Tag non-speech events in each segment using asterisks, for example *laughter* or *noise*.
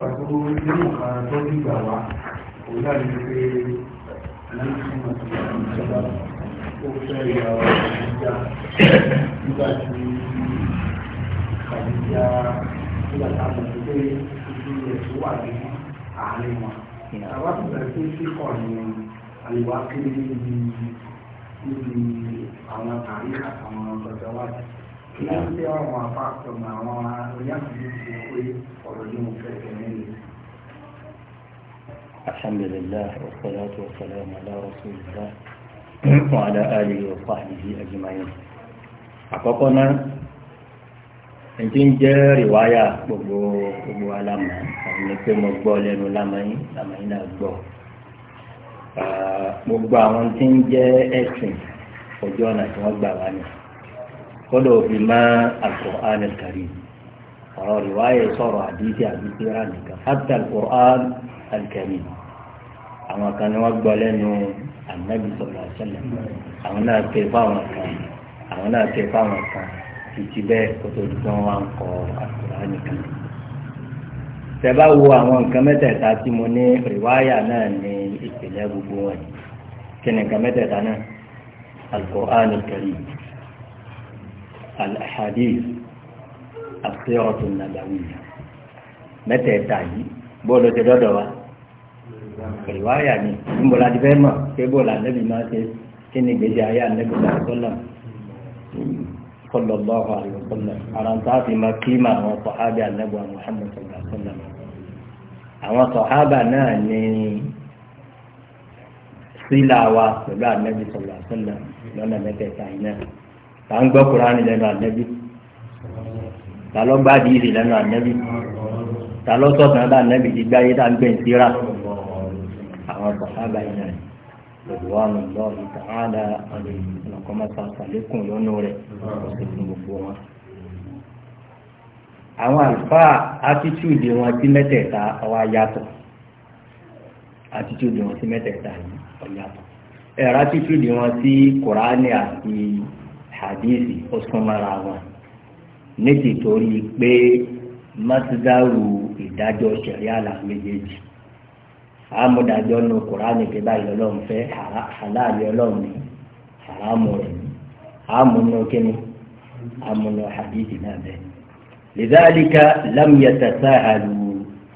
pàtàkì nínú kan tó dìgbà wá kò láti pé aláìsíwọ̀n tó wà ní ìjọba ó fẹ́ ìyá ọ̀rọ̀ ìjà nígbà tí kàdíjà nígbà tá a mọ̀ sí pé ojú rẹ̀ tó wà ní àárín àwọn tàríkà àwọn ọ̀gbọ̀dọ̀ wájú kì í ṣe àwọn àpapọ̀ àwọn oníyàtúndì ti pé ọ̀rọ̀ ní mo fẹ́ tẹ̀lé ni. alhamdulillah wasalaatu wasalaamu ala rasulillah wa ala alihi wa sahbihi ajma'in. àkọ́kọ́ náà ẹ̀jẹ̀ ń jẹ́ rìwáyà gbogbo gbogbo alámà àwọn ẹni pé mo gbọ́ lẹ́nu lámàyín lámàyín náà gbọ́ gbogbo kódà òfin má al-Qur'an al-Karim ọ̀rọ̀ rìwáyé sọ̀rọ̀ àdìsí àdìsí rà nìkan hatta al-Qur'an al-Karim àwọn kan ni wọ́n gbọ́ lẹ́nu ànábì sallallahu alaihi wasallam àwọn náà ké fáwọn kan àwọn náà ké fáwọn kan títí bẹ́ẹ̀ kó tó di wọn wá ń kọ al nìkan. tẹ́bá wo àwọn nǹkan mẹ́tẹ̀ẹ̀ta tí mo ní rìwáyà náà ní ìpìlẹ̀ gbogbo wọn kí ni nǹkan mẹ́tẹ̀ẹ̀ta náà al-Qur'an al al-ahadith al-khiratu nabawiyya mẹ́tẹ̀ẹ̀ta yìí bọ́ọ̀lù ti dọ́dọ̀ wa riwaya ni níbo la ti fẹ́ mọ̀ pé bọ́ọ̀lù ànábì máa ṣe kí ni gbèsè ayé ànábì máa sọ́nà sallallahu alaihi wasallam ara ń tàbí máa kí mà àwọn sọ̀hábì ànábì wa Muhammad sallallahu alaihi àwọn sọ̀hábà náà ní sílà wa pẹ̀lú ànábì sallallahu alaihi lọ́nà mẹ́tẹ̀ẹ̀ta náà ta ń gbọ́ kuraani lẹ́nu ànẹ́bí ta ló gbá àdìsí lẹ́nu ànẹ́bí ta ló sọ̀tàn bá ànẹ́bí ti gbáyé tá ń gbé ń síra àwọn sàhábà yìí náà lọ́dúnwánu lọ́ọ̀lù tààlà ọ̀nàkọ́mọ́sá sàlékùn lọ́nù rẹ̀ ọ̀sẹ̀ fún gbogbo wọn. àwọn àlùfáà attitude wọn sí mẹ́tẹ̀ẹ̀ta ọwọ́ ayàtọ̀ attitude wọn sí mẹ́tẹ̀ẹ̀ta yìí ọ̀yàtọ̀ ẹ̀rọ attitude wọn sí kùránì àti hadithi ó súnmọ́ra wọn ní tìtorí pé masidaru ìdájọ́ ṣẹ̀ríà là méjèèjì àmúdájọ́ nu kùránì pé báyìí ọlọ́run fẹ́ aláàbí ọlọ́run ni haramu rẹ̀ ni àmúnú kíni àmúnú hadithi náà bẹ́ẹ̀. lidhalika lam yatasahalu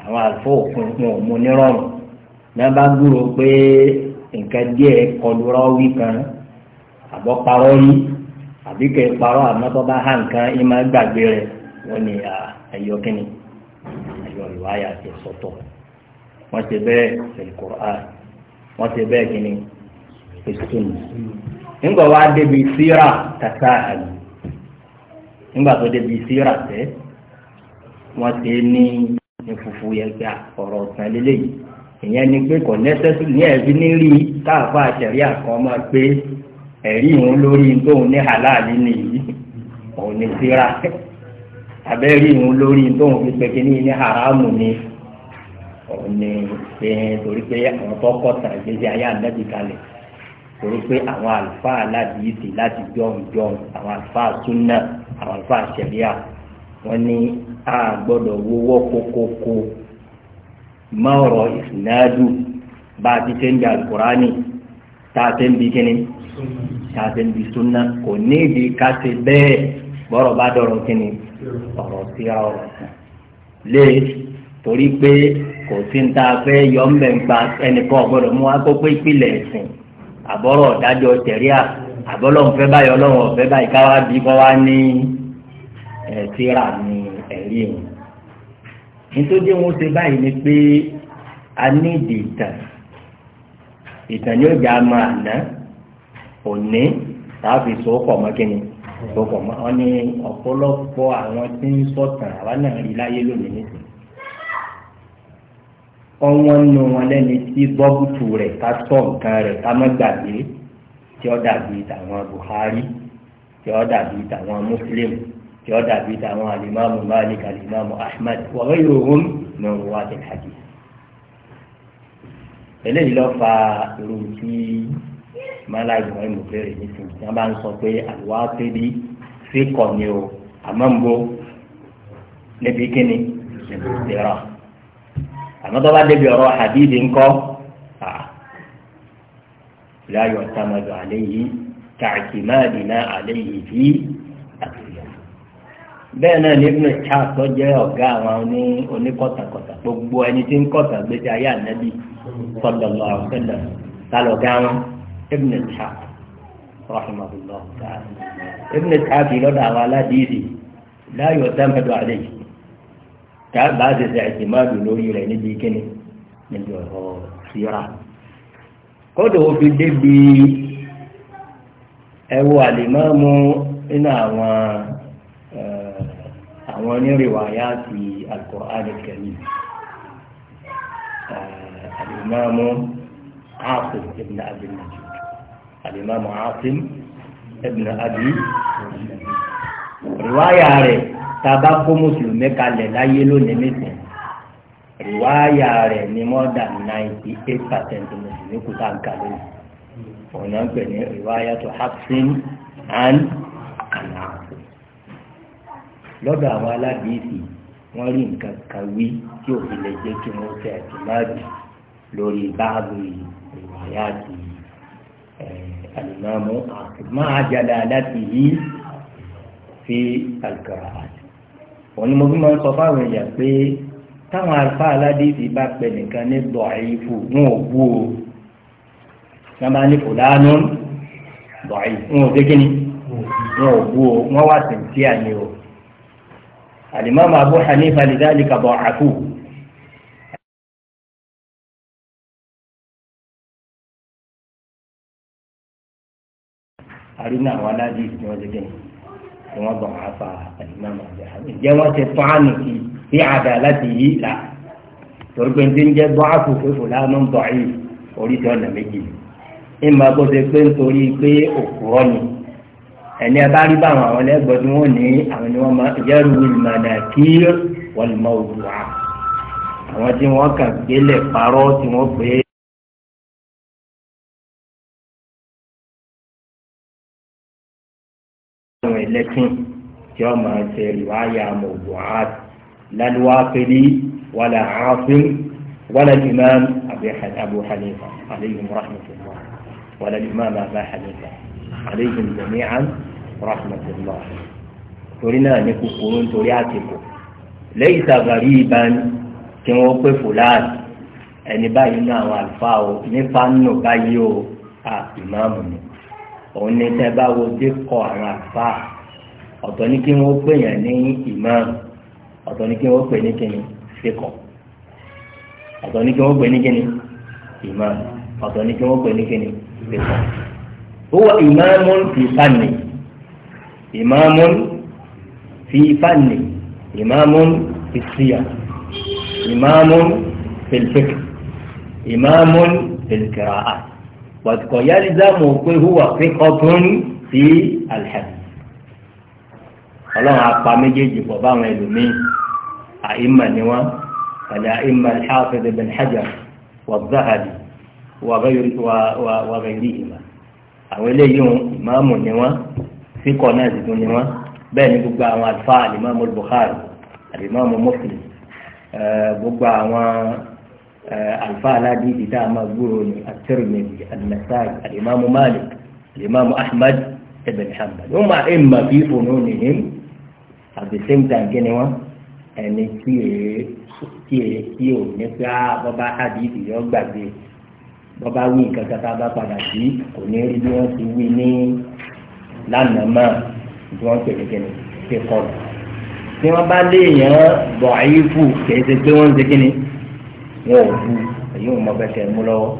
àwọn àlùfọ́ òkun wọn ò mú náà bá gbúrò pé nǹkan díẹ̀ kọlu rọ́ọ̀wì kan àbọ̀parọ́ yìí. bí kẹ́ a ha tó bá há nǹkan ẹ a gbàgbé rẹ̀ wọ́n ní ẹ̀yọ kínní ẹ̀yọ ìwáyà ti sọ̀tọ̀ wọ́n ti bẹ́ẹ̀ ẹ̀kọ́ra wọ́n ti bẹ́ẹ̀ kínní ẹ̀sùnù nígbà wá débi síra tàtà àlù nígbà tó débi síra tẹ́ wọ́n ti ní yẹn gbà ọ̀rọ̀ ọ̀sán ìyẹn ni pé kò nẹ́sẹ̀sì ní ẹ̀rí ẹ̀rí òun lórí tóun ní halali nìyí òun ní síra abẹ́rí òun lórí tóun fi pẹ́kí ní ní haramu ni òun ní ṣe torí pé àwọn tó tàn ìgbésí ayé ànábì kalẹ̀ torí pé àwọn àlùfáà aládìísì láti jọ̀hún jọ̀hún àwọn àlùfáà súnà àwọn àlùfáà wọ́n ní a gbọ́dọ̀ wọ́wọ́ kókókó mọ́ ọ̀rọ̀ bá a ti ṣe ń ṣàtẹ̀bí súnà kò níbi ìdí bẹ́ẹ̀ bọ́rọ̀ bá dọ̀rọ̀ kí ọ̀rọ̀ sí ọ̀rọ̀ kan lé torí pé kò sí ní ta fẹ́ yọ ń bẹ̀ ń pa ẹnìkan ọ̀gbọ́dọ̀ mú ìpìlẹ̀ ẹ̀sìn àbọ̀rọ̀ ọ̀dájọ́ fẹ́ báyọ̀ ọ̀fẹ́ báyìí bí òní tàbí sọ́kọ̀ mọ́kẹ́ni sọ́kọ̀ mọ́ wọn ní ọ̀pọ̀lọpọ̀ àwọn tí ń sọ̀tàn àwa náà rí láyé lónìí nìkan ọwọ́n nù wọn lẹ́ni tí bọ́bùtù rẹ̀ ká sọ nǹkan rẹ̀ ká má gbàgbé tí ó dàbí tàwọn Buhari tí ó dàbí tàwọn Muslim tí ó dàbí tàwọn alimami Malik alimami Ahmad wa ghayruhum min ruwatil hadith eléyìí ló fa irun tí mọ́lá ìmọ̀ ìmọ̀ bẹ̀rẹ̀ nísìnyí tí wọ́n bá ń sọ pé àlùwá tẹ́lí fíkọ̀ ni o àmọ́ ń bo níbi kíni níbi ìdẹ́rọ̀ àmọ́ tó bá débi ọ̀rọ̀ hadidi ńkọ́ láyọ̀ tamadu àléyìí kàkìmáàdìná àléyìí fi àtìyà bẹ́ẹ̀ náà ní ibùdó ìta jẹ́ ọ̀gá àwọn oníkọ̀tàkọ̀tà gbogbo ẹni tí ń kọ̀tà gbèsè ayé ànábì sallallahu alaihi wasallam sálọ̀gá wọn ibn ishaq rahimahullah ibn ishaq lọ́dọ̀ àwọn aládìsí láyọ̀ sẹ́mẹ̀dọ̀ àlẹ́ yìí ká bá a ṣe ṣe àìsèmádù lórí rẹ̀ níbi kíni níbi ọ̀rọ̀ síra kódò ó fi débi ẹwọ àlèmọ́mú nínú àwọn àwọn onírìwà yá ti al-Qur'an al-Karim àlèmọ́mú Hafiz ibn Abdul Majid alimamu asim ibn abi riwaya rẹ̀ taba kó mùsùlùmí kalẹ̀ láyé lónìí nìsín riwaya rẹ̀ ni more than ninety eight percent mùsùlùmí kú tá n kà lónìí òun náà ń pè ní riwaya to hafsin and anam lọ́dọ̀ àwọn aládìísì wọ́n rí nǹkan kan wí tí òfin lè jẹ́ kí wọ́n tẹ̀ ẹ̀tùmáàdì lórí báàbù ìwàyà àti alimamu máa jàdá láti yí fi alqira'at òun ni mo fi máa ń sọ fáwọn èèyàn pé táwọn alfa aládìsí bá pẹ nìkan ní dọ̀ọ́ìfù wọn ò bú o nàbà ní fòlánú dọ̀ọ́ì ni wọn ò bú o wọn wá sí ti àná o alimami abu hanifa àrínà àwọn aládé tí wọ́n ti gẹ̀ tí wọ́n bọ̀ wá fa àdìmọ́ àti àmì jẹ́ wọ́n ti tán àmì kí bí àdá láti yí là torí pé ní jẹ́ bọ́ àkókò kò láàánú bọ̀ yìí oríṣi ọ̀nà méjì ìmọ̀ kó ṣe pé nítorí pé òkúrọ́ ni ẹni abá rí báwọn àwọn ẹlẹ́gbọ̀n tí wọ́n ní àwọn ni wọ́n máa yẹ́rù ìmọ̀nà kí wọ́n lè máa wù wá àwọn tí wọ́n kàn gbélé parọ́ tí wọ́n gbé. rẹ̀ lẹ́sìn tí ó máa ṣe rìwáyà mawdu'at lálùwáfẹ́lì wàlà ààfin wàlà imam abu hanifa aleyhi rahmatulah wàlà imam abu hanifa aleyhi jami'an rahmatulah torí náà ní kúkúrú nítorí àtìkù lẹ́yìn sàgàrí ìbán tí wọ́n pè fúláàtì ẹni báyìí ní àwọn àlùfáà o nípa nù báyìí o àpìmáàmù ni òun ní tẹ́ bá wo dé kọ àwọn àlùfáà ọ̀tọ̀ ní kí wọ́n pè yàn ní imam ọ̀tọ̀ ní kí wọ́n pè ní kíni fíkọ̀ ọ̀tọ̀ ní kí wọ́n pè ní kíni imam ọ̀tọ̀ ní kí wọ́n pè ní kíni fíkọ̀. huwa imamun fi fanni imamun fi fanni imamun fi siya imamun fi fik imamun fi kira'a wàtí kò yálí dáàmú pé huwa fíkọ̀ tún fi alḥadì ọlọ́run apá méjèèjì pọ̀ báwọn ẹlòmíì àìmà ni wọ́n pẹ̀lú àìmà al-Hafiz ibn Hajar wàbáhàdì wàbẹ̀rí ìmà àwọn eléyìí ìmáàmù ni wọ́n síkọ̀ náà sì tún ni wọ́n bẹ́ẹ̀ ni gbogbo àwọn alfa alimami Bukhari alimami Muslim gbogbo àwọn alfa aládìdì tá a gbúrò ní at-Tirmidhi Malik alimami Ahmad ibn Hanbal wọ́n máa ń mà fi fònú nìyẹn at the same time kí ni wọ́n ẹni tí èé tí èé tí ò ní pé á ah, bọ́bá àdìsí yọ gbàgbé bọ́bá wí nǹkan kata bá padà sí kò ní rí bí wọ́n ti wí ní lánàá mọ́ bí wọ́n pè nìkan ní ṣe kọ́ lọ. tí wọ́n bá léèyàn bọ̀ ayé fù kìí pé wọ́n ń ṣe kí ni wọ́n ò bu èyí ò mọ bẹ́ẹ̀ tẹ̀ mú lọ́wọ́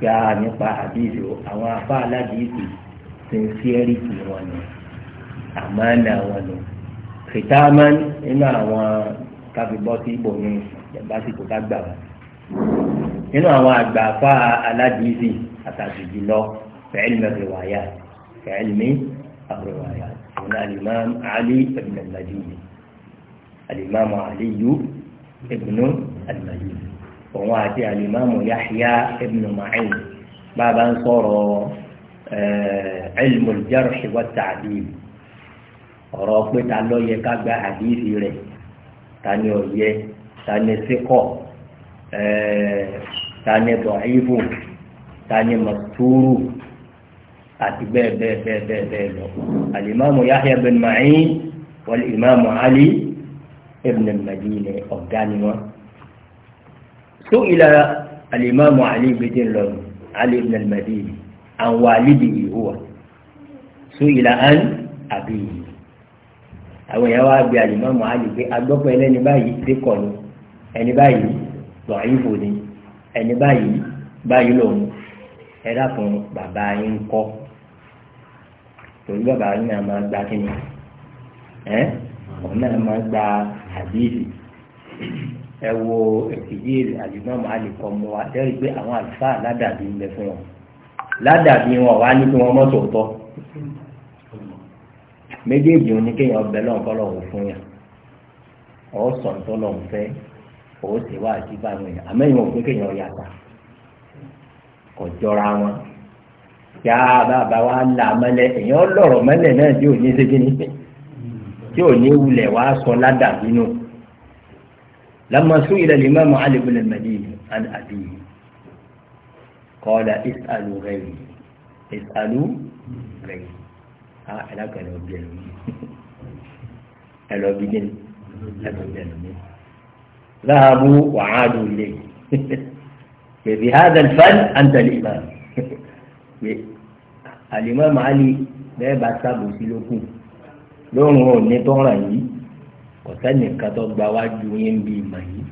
gba nípa àdìsí o àwọn afá aládìsí sincerity wọn ni àmánà wọn ni fìtámán nínú àwọn káfíbọ́sì ibò ní ìjàmbásìkò kágbà wọn nínú àwọn àgbàfà aládìísì àtàkì jùlọ fẹ́ẹ́lì mẹ́rẹ̀wáyà fẹ́ẹ́lì mi àrẹ̀wáyà ìwọ̀n alimam ali ibn al-madini alimam aliyu ibn al-madini òun àti alimam yahya ibn ma'in bàbá ń sọ̀rọ̀ eh, ilmu al-jarh wa ta'dil ọ̀rọ̀ pé ta ló yẹ ká gba àdìsí rẹ̀ ta ni ò yẹ ta ni síkọ̀ eh, ta ni bọ̀ọ́ìbù ta ni mọ̀túrù àti bẹ́ẹ̀ bẹ́ẹ̀ bẹ́ẹ̀ bẹ́ẹ̀ bẹ́ẹ̀ lọ. alimami yahya bin ma'in wal imaamu ali ibn al ọ̀gá ni wọn. tó ìlà alimami ali bidin lọ ali ibn al-madini an walidihi huwa. سئل عن أبيه àwọn èèyàn wá bí alimọ́mù àlè pé agbọ́pọ̀ ẹlẹ́ni báyìí dé kọ̀ ni ẹni báyìí lọ́ọ̀yìnfò ni ẹni báyìí báyìí lòun ẹ dákun bàbá yín kọ́ torí bàbá yín náà máa gba kí ni ẹ òun náà máa gba àdéhìí ẹ wo èkìyí alimọ́mù àlè kọ́ mọ́ wa dẹ́rì pé àwọn àlùfáà ládàbí ń bẹ fún wọn ládàbí wọn wá ní kí wọ́n mọ́tò tọ́ méjèèjì ò ní kéèyàn ọbẹ̀ lọ́wọ́ kọ́ lọ́wọ́ fún yàn ọ̀ sọ̀tọ̀ lọ́wọ́ fẹ́ ọ̀ sì wá àti báwọn yàn àmẹ́yìn òfin kéèyàn yàtà kò jọra wọn yá bàbá wa là mẹ́lẹ̀ èèyàn lọ̀rọ̀ mẹ́lẹ̀ náà tí ò ní ṣe kíni tí ò ní wulẹ̀ wá sọ ládàbí nù lamma su'ila al-imam Ali ibn al-Madini an abihi qala is'alu ghayri is'alu alága ah, ẹlọ bí ẹlòmí ẹlọ bí gíní ẹlọ bí ẹlòmí láàbù wàhálù lè bèbí hàdà fàn àǹtàlì ìmà àlìmọ́ màálì bẹ́ẹ̀ bá sábò sí lókùn lóòrùn òní tó ń ràn yìí ọ̀sẹ́nìkan tó gba wájú yín bí ìmọ̀ yìí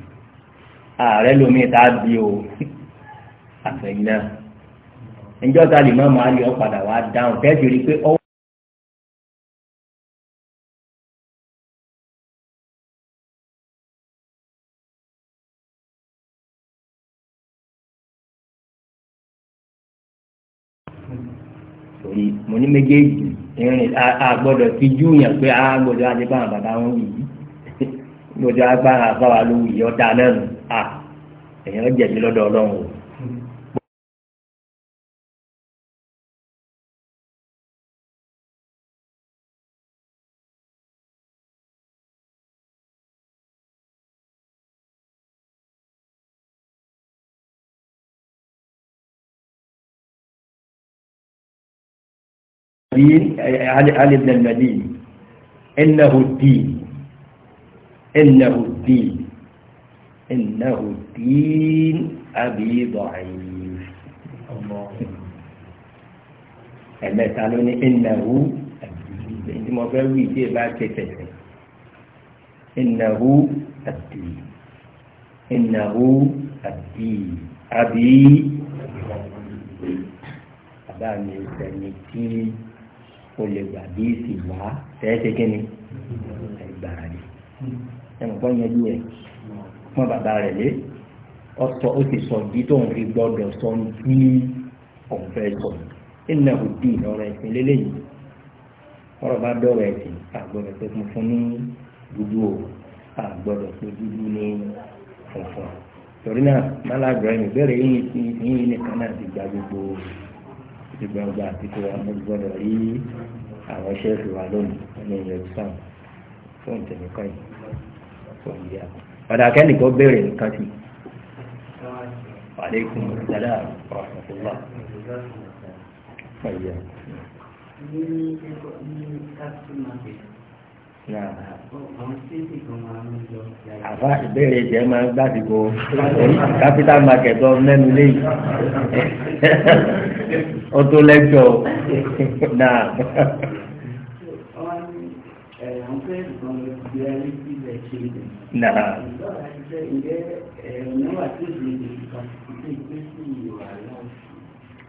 ààrẹ lomi tá bí o àfẹ̀yìn náà ǹjọ́ ta lè má máa padà wá dáhùn tẹ́sí rí i pé ọ́ sí mo ní méjèèjì ìrìn àgbọ̀dọ̀ fi júùyàn pé àgbọ̀dọ̀ àti báwọn bàbá wọn yìí gbọdọ̀ *laughs* agbára àbáwá ló wù yí ọ̀dà náà nù à èèyàn jẹ̀bi lọ́dọ̀ ọlọ́run o. الدين علي علي بن المدين انه الدين انه الدين انه الدين ابي ضعيف الله اما تعلمني انه الدين انت مفروض يجي بعد كده انه الدين انه الدين ابي ضعيف أبي ضعيف o lè gbà bí ìsì wá tẹ́ẹ̀tẹ́ kínní ẹgbàrá ni ẹnìkan kọ́ yanjú ẹ̀ fún bàbá rẹ̀ lé ọ̀sọ̀ ó ti sọ di tóun fi gbọ́dọ̀ sọ ní òun fẹ́ sọ ìnà òdì ọ̀rọ̀ ẹ̀sìn lélẹ́yìn ọ̀rọ̀ bá dọ̀rọ̀ ẹ̀sìn àgbọ̀dọ̀ pé funfun ní dúdú o àgbọ̀dọ̀ pé dúdú ní funfun torí náà málàgbọ̀ ẹ̀mí bẹ̀rẹ̀ yìí nìkan náà ti gba gbogbo gbogbo ọgbà àtìkò wa mo gbọ́dọ̀ rí àwọn ṣẹ́ẹ̀fì wa lónìí ní ilẹ̀ ìsàn fún ìtẹ̀lẹ́kọ́ yìí fún ìyá ọ̀dà akẹ́nìkan béèrè nǹkan sí aleykum salaam wa rahmatulah ọ̀yẹ́. ní ẹ̀kọ́ ní capital market àfa ìbéèrè jẹ máa ń gbàdìgbò capital market ọ mẹ́nu léyìí. *laughs* ọdún lẹ́jọ́ náà. Náà.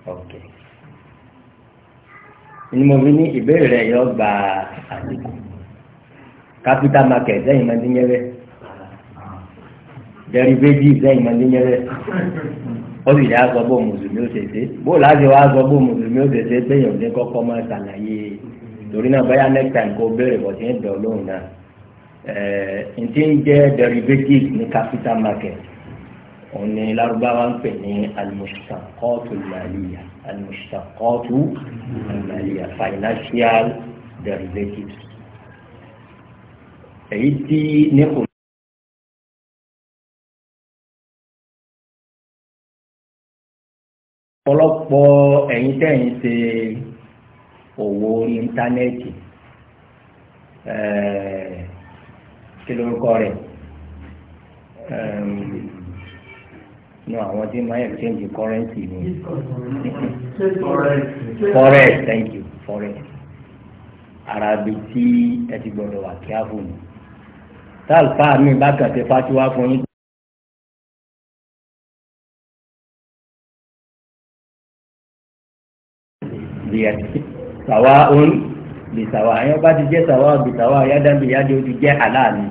Ok. Ni mo fi ní ìbéèrè rẹ̀ yọ gba àdìgún. Capital market lẹ́yìn máa ń dín yẹ́rẹ́. Derivative lẹ́yìn máa ń dín yẹ́rẹ́ ó sì yá sọ bó mùsùlùmí ó ṣèṣe bó láti wá sọ bó mùsùlùmí ó ṣèṣe péyàn ní kọ́kọ́ máa ṣàlàyé torí náà báyà next time kó béèrè bọ̀ sí ń dọ̀ lóhùn náà ẹ̀ẹ́n tí ń jẹ́ derivative ní capital market òun ni lárúbáwá ń pè ní alimusitakotu maliya alimusitakotu maliya financial derivatives èyí tí ní kò ọ̀pọ̀lọpọ̀ ẹ̀yin tẹ̀yin ṣe òwò orí íńtánẹ́ẹ̀tì eh, kí lórúkọ rẹ̀ ehm, nu àwọn tí máa exchange currency ni forex thank you forex ara bi tí ẹ ti gbọ́dọ̀ wà kí á fún mi tá àlùfáà mi bá kàn ṣe fatiwa fún yín bìyàtì sàwa òun bì sàwa àyàn bá ti jẹ́ sàwa bì sàwa yádá bì yádá ó ti jẹ́ àlàní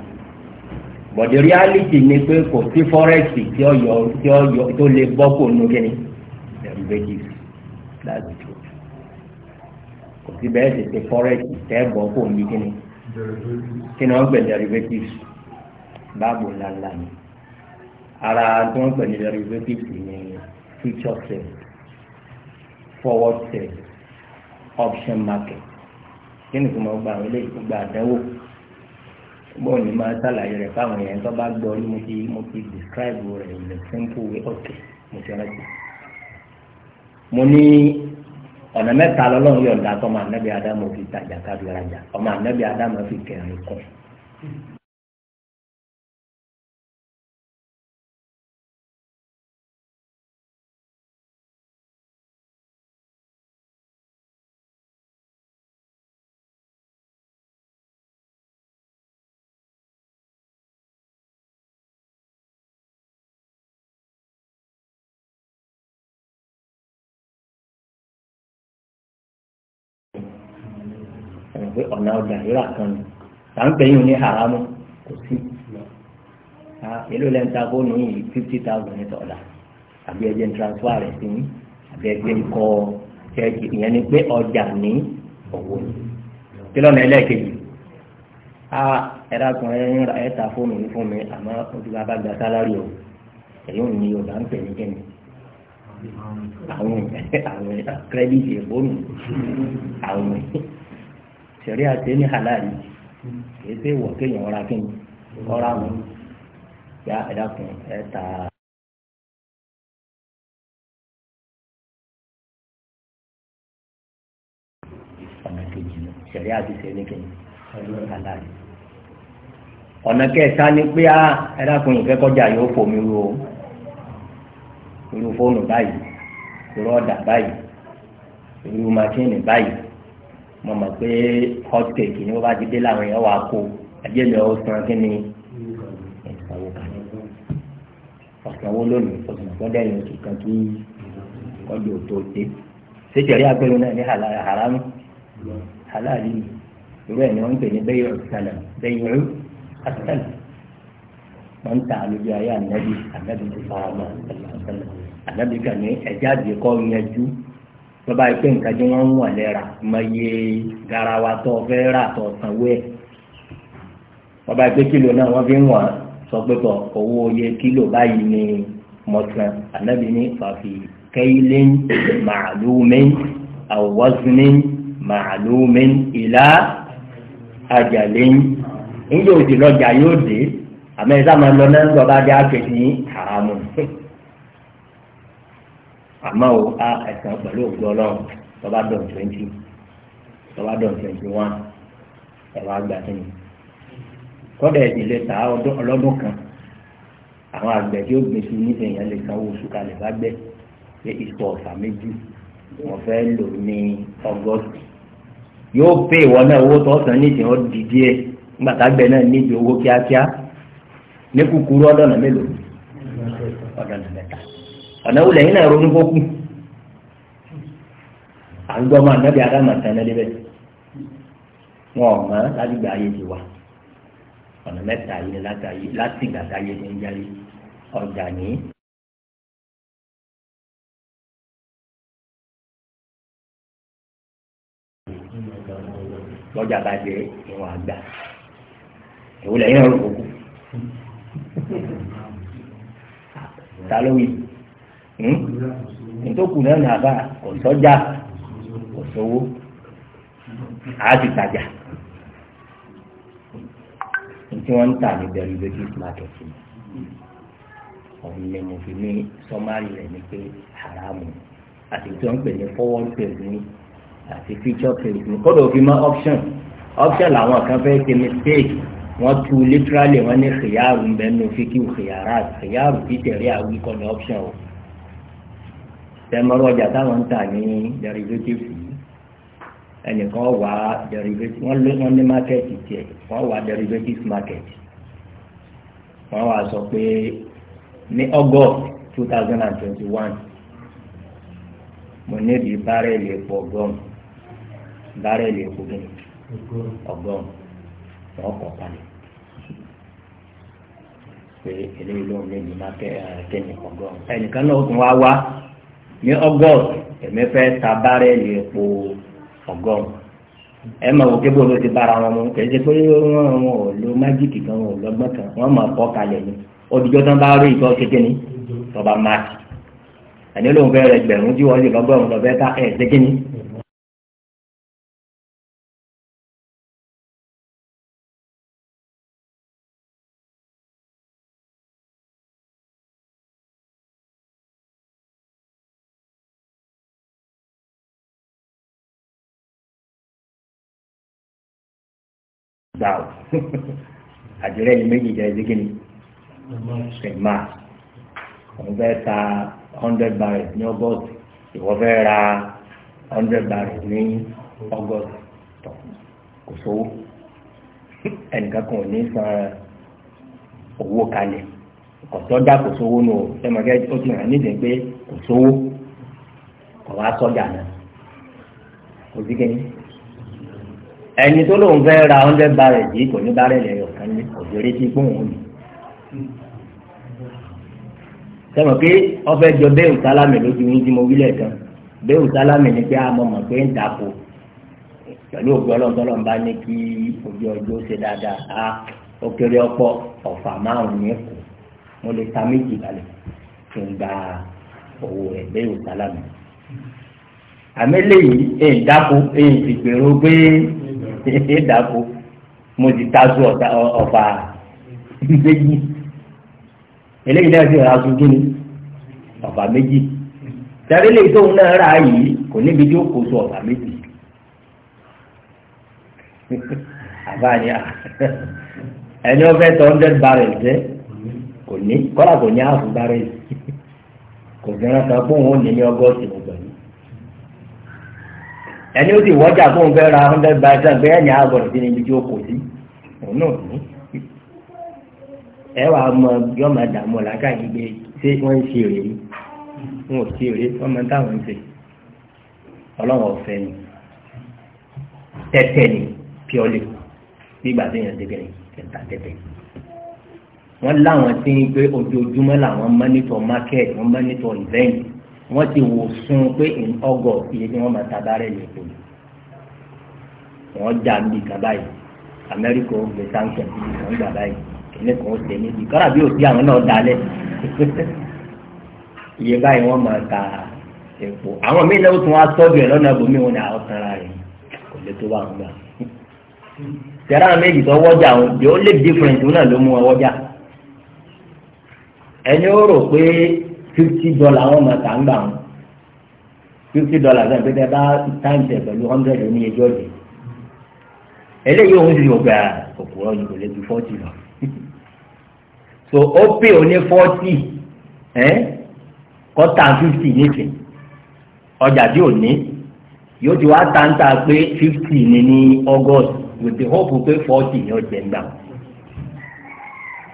bọ̀dé reality ni pé kò sí fọ́rẹ́ẹ̀sì tí ó yọ tí ó yọ tó lè bọ́ kó nu kí ni derivatives láti tó kò sí bẹ́ẹ̀ sì ṣe fọ́rẹ́ẹ̀sì tẹ́ bọ́ kó nu kí ni kí ni wọ́n pè derivatives báàbò ńláńlá ni ara tí wọ́n pè ní derivatives ni future sales forward sales option market kí ni kò máa gba àwọn eléyìí gba àdánwò bọ́ọ̀ ni máa ṣàlàyé rẹ̀ fáwọn èèyàn tó bá gbọ́ rí mo ti mo ti describe rẹ̀ in a simple way okay mo ti rántí. mo ní ọ̀nà mẹ́ta lọ́lọ́run yọ̀ǹda tó máa nẹ́bí adámọ̀ fi tajà kábíyàrájà ọmọ ànẹ́bí adámọ̀ fi kẹrin kún pé ọ̀nà ọjà rírà kan ni là ń pèyìn ní haramu kò sí èlò lẹ́ńtà fóònù yìí fifty thousand ní tọ̀la àbí ẹjẹ́ ń transfer rẹ̀ sí ní àbí ẹgbẹ́ ń kọ́ ṣẹ́ẹ̀kì ìyẹn ni pé ọjà ní owó ni kí lọ́nà ẹlẹ́ẹ̀kejì a ẹ̀rọ fóònù yìí fún mi àmọ́ ojú bá bá gba sálárì o èyí ò ní Yorùbá ń pè ní kíni àwọn *laughs* àwọn kírẹ́dìtì ìbónú àwọn sẹ̀rí àti ní halali kì í ṣe wọ̀ kéèyàn kí ni kejì ni ní kí ni halali ọ̀nà kẹta ni pé a ẹ̀dá kan kọjá yóò fòmí ru o irú fóònù báyìí irú ọ̀dà báyìí mo mọ̀ pé hot cake ni wọ́n bá ti dé láwọn èèyàn wà kó ẹjẹ́ mi ò san kí ni ìsanwó kan ọ̀sánwó lónìí ọ̀sán tó dẹ́yìn oṣù kan kí ọjọ́ tó dé ṣéjẹ̀rí agbẹ́rún náà ní haramu halali irú ẹ̀ ni wọ́n ń pè ní bẹ́yọ̀ ìsàlẹ̀ bẹ́yọ̀ ìsàlẹ̀ wọ́n ń ta àlejò ayé ànábì ànábì ti fara mọ́ ànábì kan ní ẹ̀jáde kọ́ yẹn jú lọ́ba ìpín nǹkan tí wọ́n ń wọ̀n lẹ́ra mọ iye garawa tó o fẹ́ rà tó o sanwó ẹ̀ lọ́ba ìpín kílò náà wọ́n fi ń wọ̀n sọ pé tọ̀ owó iye kílò báyìí ni mọ̀tàn ànábì ní fàfi kaylin ma'lumin aw waznin ma'lumin ìlà ajalin ń yóò di lọ́jà yóò dé àmọ́ ìsámọ́ lọ náà lọ́ba dé àkẹ́sí haramu. *laughs* àmọ́ o a ẹ̀sán pẹ̀lú òkú ọlọ́run tọ́ba dọ̀ twenty tọ́ba dọ̀ twenty one ẹ̀wọ̀n àgbà kìíní kọ́dà ẹ̀sìn lè ta ọlọ́dún kan àwọn àgbẹ̀ tí ó gbìn sí ní èèyàn lè sanwó oṣù kalẹ̀ bá gbẹ́ pé ìsọ ọ̀sà méjì wọ́n fẹ́ lò ní August yóò pé ìwọ náà owó tó sàn ní ìsìn ọdún díẹ̀ nígbà tágbẹ̀ náà níbi owó kíákíá ní kúkúrú ọ̀dọ̀nà mélòó ọ̀dọ̀nà mẹ́ta ọ̀nà wulẹ̀ yìí náà ronú fókù à ń gbọ́ ọmọ ànábì adámà tán lẹ́lẹ́bẹ̀ wọn ò mọ̀ láti gba ayé ti wà ọ̀nà mẹ́ta yìí láti gbàgbá yé ní yáyé ọjà ní. lọ́jà bá jẹ ìwọ̀n àgbà ìwúlẹ̀ yìí náà ronú fókù Hmm? nítòkù náà nà bá kò sọ́jà kò sówó àá ti tajà tí wọ́n ń tà ní derivative market ni ọ̀nà mòfin ní sọ́márì rẹ̀ ni pé haramu àti tí wọ́n ń pè ní forward page ni àti feature page ni kódà òfin mọ́ option option làwọn kan fẹ́ ṣe mistake wọ́n tu literally wọ́n ní xìyàrú ń bẹ́ẹ̀ ní òfin kí xìyàrá xìyàrú fi tẹ̀lé àwọn ikọ̀ ní option o tẹmọrọ ọjà táwọn ń tà ní derivatives yìí ẹnìkan wà derivatives wọn lé wọn ní market tiẹ̀ wọn wà derivatives market wọn wà sọ pé ní August two thousand and twenty-one mo ní di bárẹ̀lì epo ọgọ́rùn bárẹ̀lì epo gùn ọgọ́rùn wọn kọ̀ kalẹ̀ pé eléyìí ló ń lé market ẹ̀ẹ́dẹ́gbẹ̀rún ọgọ́rùn ẹnìkan náà tún wá wá. ní august èmi fẹ́ ta bárẹ́lì epo ọgọ́rùn ẹ máa wò kébò ló ti bára wọn mu kìí pé wọn ò lo májíìkì kan wọn ò kan wọn máa kọ́ kalẹ̀ ni odijọ́ tán bá rí tọba máàkì ẹni lóun rẹ tí ká gbà ó àdìrẹ́ yìí méjì jẹ́ ẹ̀dí gíní ṣèmá òun fẹ́ ta hundred barrels ní august ìwọ fẹ́ ra hundred barrels ní august tó kò sówó ẹnìkan kan ò ní san owó kalẹ̀ ọ̀sọ́jà kò sówó nù ẹ mọ̀ kẹ́ ó ti hàn nídìí pé kò sówó kò sọ́jà náà kò sí ẹni tó lóun fẹ́ ra hundred barrel yìí kò ní barrel ẹ̀yọ̀ kan ní òjòrè tí kún òun yìí. sẹ́wọ̀n pé ọfẹ́ jọ bẹ́ẹ̀ òtálámì lójú yín tí mo wí lẹ́ẹ̀kan bẹ́ẹ̀ òtálámì ni pé a mọ̀ mọ̀ pé ń dàpọ̀ pẹ̀lú òkú ọlọ́ntọ́lọ́ ń bá ní kí ojú ọjọ́ ṣe dáadáa a ó kéré ọ̀pọ̀ ọ̀fà márùn-ún ní kù mo lè ta méjì balẹ̀ kí n gba owó rẹ̀ bẹ́ẹ̀ òtálámì. àmẹ́lẹ́yìí èyí dáko èyí ti gbèrò pé ẹ *laughs* dàkú mo ti tazu ọ̀fà méjì eléyìí náà sì rà aṣọ gíní ọ̀fà méjì tẹ̀lé lè tóun náà rà yìí kò níbi tí ó kó so ọ̀fà méjì *laughs* àbáyé *laughs* ẹni ó fẹ́ tọ́ hundred barrels jẹ́ kò ní kọ́lá kò ní ààfù barrels kò sí ẹran pé òun ò ní ní ọgọ́sì mo ẹni ó sì wọ́jà tó ń fẹ́ ra hundred by ten bẹ́ẹ̀ ni àgọ̀rọ̀ sí ni ibi tí ó kò sí òun náà ní. ẹ wà á mọ yọ máa dààmú ọ̀làkà yìí pé ṣé wọ́n ń ṣe rèé wọn ò ṣe rèé wọ́n máa ń táwọn ń ṣe ọlọ́run ọ̀fẹ́ ni tẹ́tẹ́ ni píọ́lì nígbà tí èèyàn débẹ̀ ni kẹta tẹ́tẹ́ wọ́n láwọn tí ń gbé ojoojúmọ́ làwọn mọ́nítọ̀ market wọ́n mọ́nítọ̀ event wọ́n ti wò sun pé in August iye tí wọ́n máa ta bárẹ̀ lè wọ́n já níbi kan báyìí Amẹ́ríkà ó gbé sáńkẹ̀ níbi kan gbà báyìí kìnìún kan ó tẹ níbi kọ́ra bí òsì àwọn náà dalẹ̀ *laughs* iye báyìí wọ́n máa ta epo àwọn míì náà ó tún wá ẹ̀ lọ́nà wọn ni àwọn rẹ̀ kò lè tó *laughs* wọn gbà fifty dollar wọn máa tà ń gbà wọn fifty dollar náà pété bá times ẹ̀ hundred ní ẹjọ́ dé eléyìí òun sì yóò gba òkúrọ̀ yìí kò lè ju forty lọ *laughs* so ó pè ó ní forty kọ́tà fifty nísìn ọjà tí ò ní yóò ti wá tàǹtà pé fifty ní ní August with the hope pé forty ní ọjà ń gbà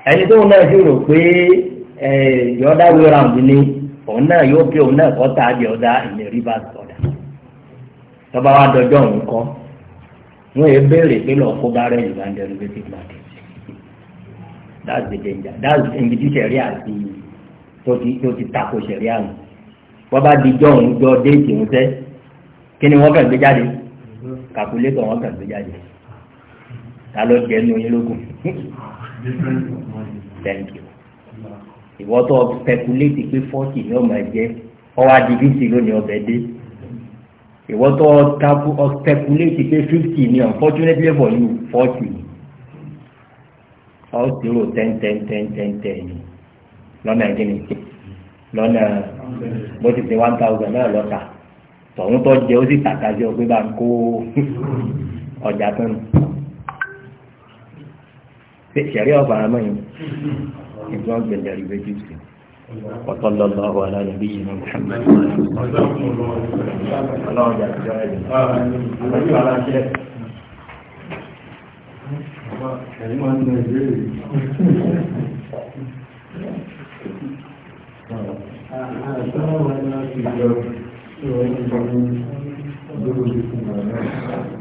ẹni tó ń náà sì rò pé. the other way round ni òun náà yóò pé òun náà kọ́ tá a di ọ̀dà rivers border tọba wa dọjọ́ òun kọ́ wọ́n yẹ béèrè pé lọ́ọ́ kó bá rẹ̀ ìgbà derivative market that's the danger that's ibi tí sẹ̀rí àti tó ti tako sẹ̀rí àná wọ́n bá dijọ́ òun jọ déètì òun sẹ́ kí ni wọ́n kàn gbé jáde kàkúlétọ̀ wọ́n kàn gbé jáde ta ló jẹ́ ìwọ́tọ̀ pẹkuléètì pé fọ́ọ̀tì ni ọmọ ẹ̀jẹ̀ ọwọ́ adìbísì lónìí ọbẹ̀ dé ìwọ́tọ̀ pẹkuléètì pé fifty. ni unfortunately for you fọ́ọ̀tì ni ọ̀ọ́ zero ten ten ten ten ten ni lọ́nà ìdíni lọ́nà bó ti ṣe one thousand náà lọ́ta tọ̀hún tó jẹ́ ó sì tàkà sí ọgbẹ́ bá ń kó ọjà tó nù. ṣe ìṣẹ̀rí ọ̀fà àmọ́ yìí ìjọ gbẹ̀dẹ̀ rí bẹ́jú sí وصلى الله على نبينا محمد Thank you.